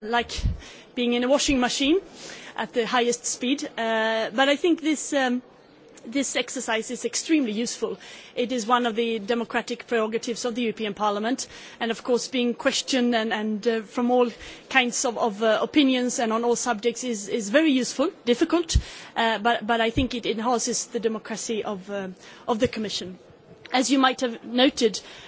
like being in a washing machine at the highest speed. Uh, but I think this, um, this exercise is extremely useful. It is one of the democratic prerogatives of the European Parliament, and of course being questioned and, and uh, from all kinds of, of uh, opinions and on all subjects is, is very useful, difficult, uh, but, but, I think it enhances the democracy of, uh, of the Commission. As you might have noted,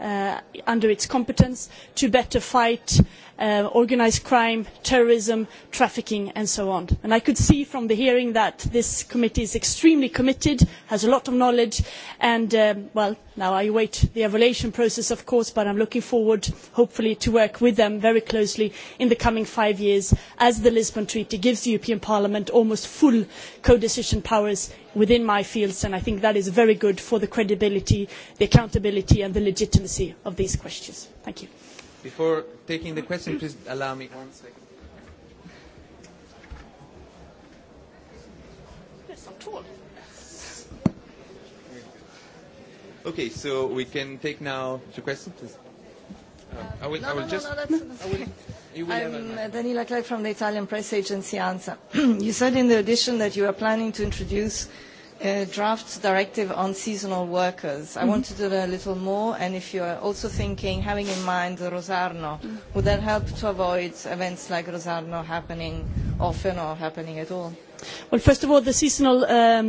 Uh, under its competence to better fight uh, organised crime, terrorism, trafficking and so on. And I could see from the hearing that this committee is extremely committed, has a lot of knowledge and, um, well, now I await the evaluation process of course, but I'm looking forward hopefully to work with them very closely in the coming five years as the Lisbon Treaty gives the European Parliament almost full co-decision powers within my fields and I think that is very good for the credibility, the accountability and the legitimacy urgency of these questions. Thank you. Before taking the question, please allow me one second. Yes, I'm tall. Okay, so we can take now the question, please. Uh, I will, just- no, no, no, just. No, no, that's, I will, you will have a... Uh, Daniela Clerc from the Italian press agency ANSA. you said in the addition that you are planning to introduce Uh, draft directive on seasonal workers. Mm -hmm. I want mm-hmm. to do a little more, and if you are also thinking, having in mind the Rosarno, mm. would that help to avoid events like Rosarno happening often or happening at all? Well, first of all, the seasonal um,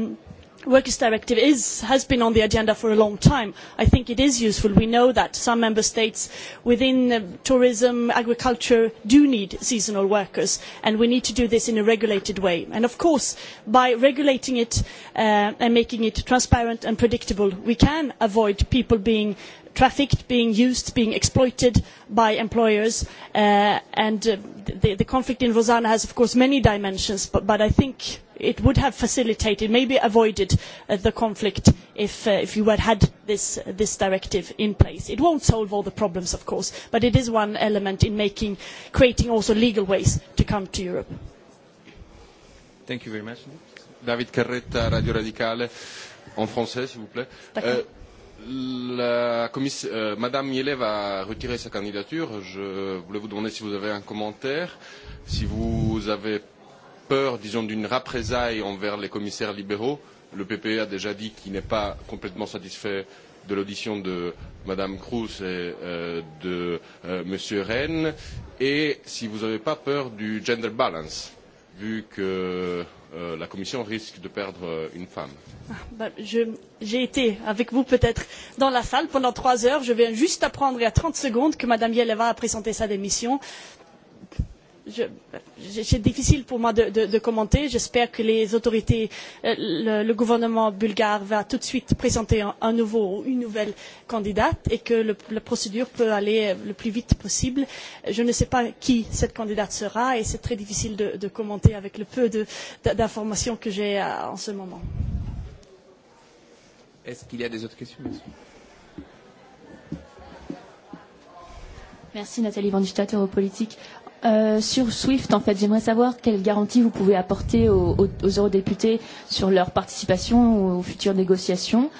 workers directive is, has been on the agenda for a long time. I think it is useful. We know that some member states within uh, tourism, agriculture do need seasonal workers and we need to do this in a regulated way. And of course, by regulating it uh, and making it transparent and predictable, we can avoid people being trafficked, being used, being exploited by employers. Uh, and uh, the, the, conflict in Rosanna has, of course, many dimensions, but, but I think it would have facilitated, maybe avoided uh, the conflict if, uh, if you had had this, uh, this directive in place. It won't solve all the problems, of course, but it is one element in making, creating also legal ways to come to Europe. Thank you very much. David Carretta, Radio Radicale, en français, s'il vous plaît. La commission, euh, Madame Yellev a retiré sa candidature. Je voulais vous demander si vous avez un commentaire, si vous avez peur, disons, d'une représaille envers les commissaires libéraux. Le PPE a déjà dit qu'il n'est pas complètement satisfait de l'audition de Madame Cruz et euh, de euh, Monsieur Rennes, et si vous n'avez pas peur du gender balance, vu que euh, la Commission risque de perdre euh, une femme. Ah, bah, je, j'ai été avec vous peut être dans la salle pendant trois heures je viens juste d'apprendre il y a trente secondes que mme jeleva a présenté sa démission. c'est difficile pour moi de, commenter j'espère que les autorités euh, le, gouvernement bulgare va tout de suite présenter un, nouveau ou une nouvelle candidate et que la procédure peut aller euh, le plus vite possible. je ne sais pas qui cette candidate sera et c'est très difficile de, commenter avec le peu d'informations que j'ai euh, en ce moment. merci. Est-ce qu'il y a des autres questions Merci, Merci Nathalie Vandistat, Europolitique. Euh, sur SWIFT, en fait, j'aimerais savoir quelles garanties vous pouvez apporter aux, aux, aux eurodéputés sur leur participation aux futures négociations.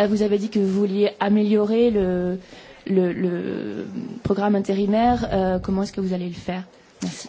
Euh, vous avez dit que vous vouliez améliorer le, le, le programme intérimaire. Euh, comment est-ce que vous allez le faire Merci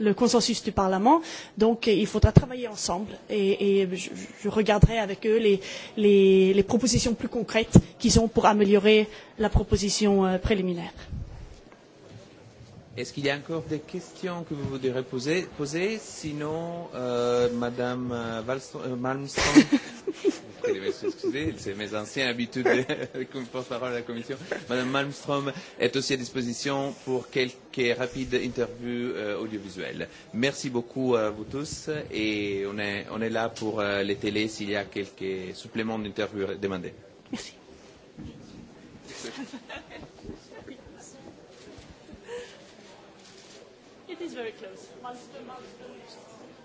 le consensus du Parlement. Donc euh, il faudra travailler ensemble et, et je, je regarderai avec eux les, les, les propositions plus concrètes qu'ils ont pour améliorer la proposition euh, préliminaire. Est-ce qu'il y a encore des questions que vous voudriez poser, poser Sinon, euh, Madame euh, euh vais s'excuser, c'est mes anciennes habitudes de porte-parole de la Commission. Madame Malmström est aussi à disposition pour quelques rapides interviews euh, audiovisuelles. Merci beaucoup à vous tous et on est, on est là pour euh, les télés s'il y a quelques suppléments d'interviews demandés. Merci. It is very close. Monster, monster.